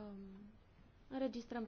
um, înregistrăm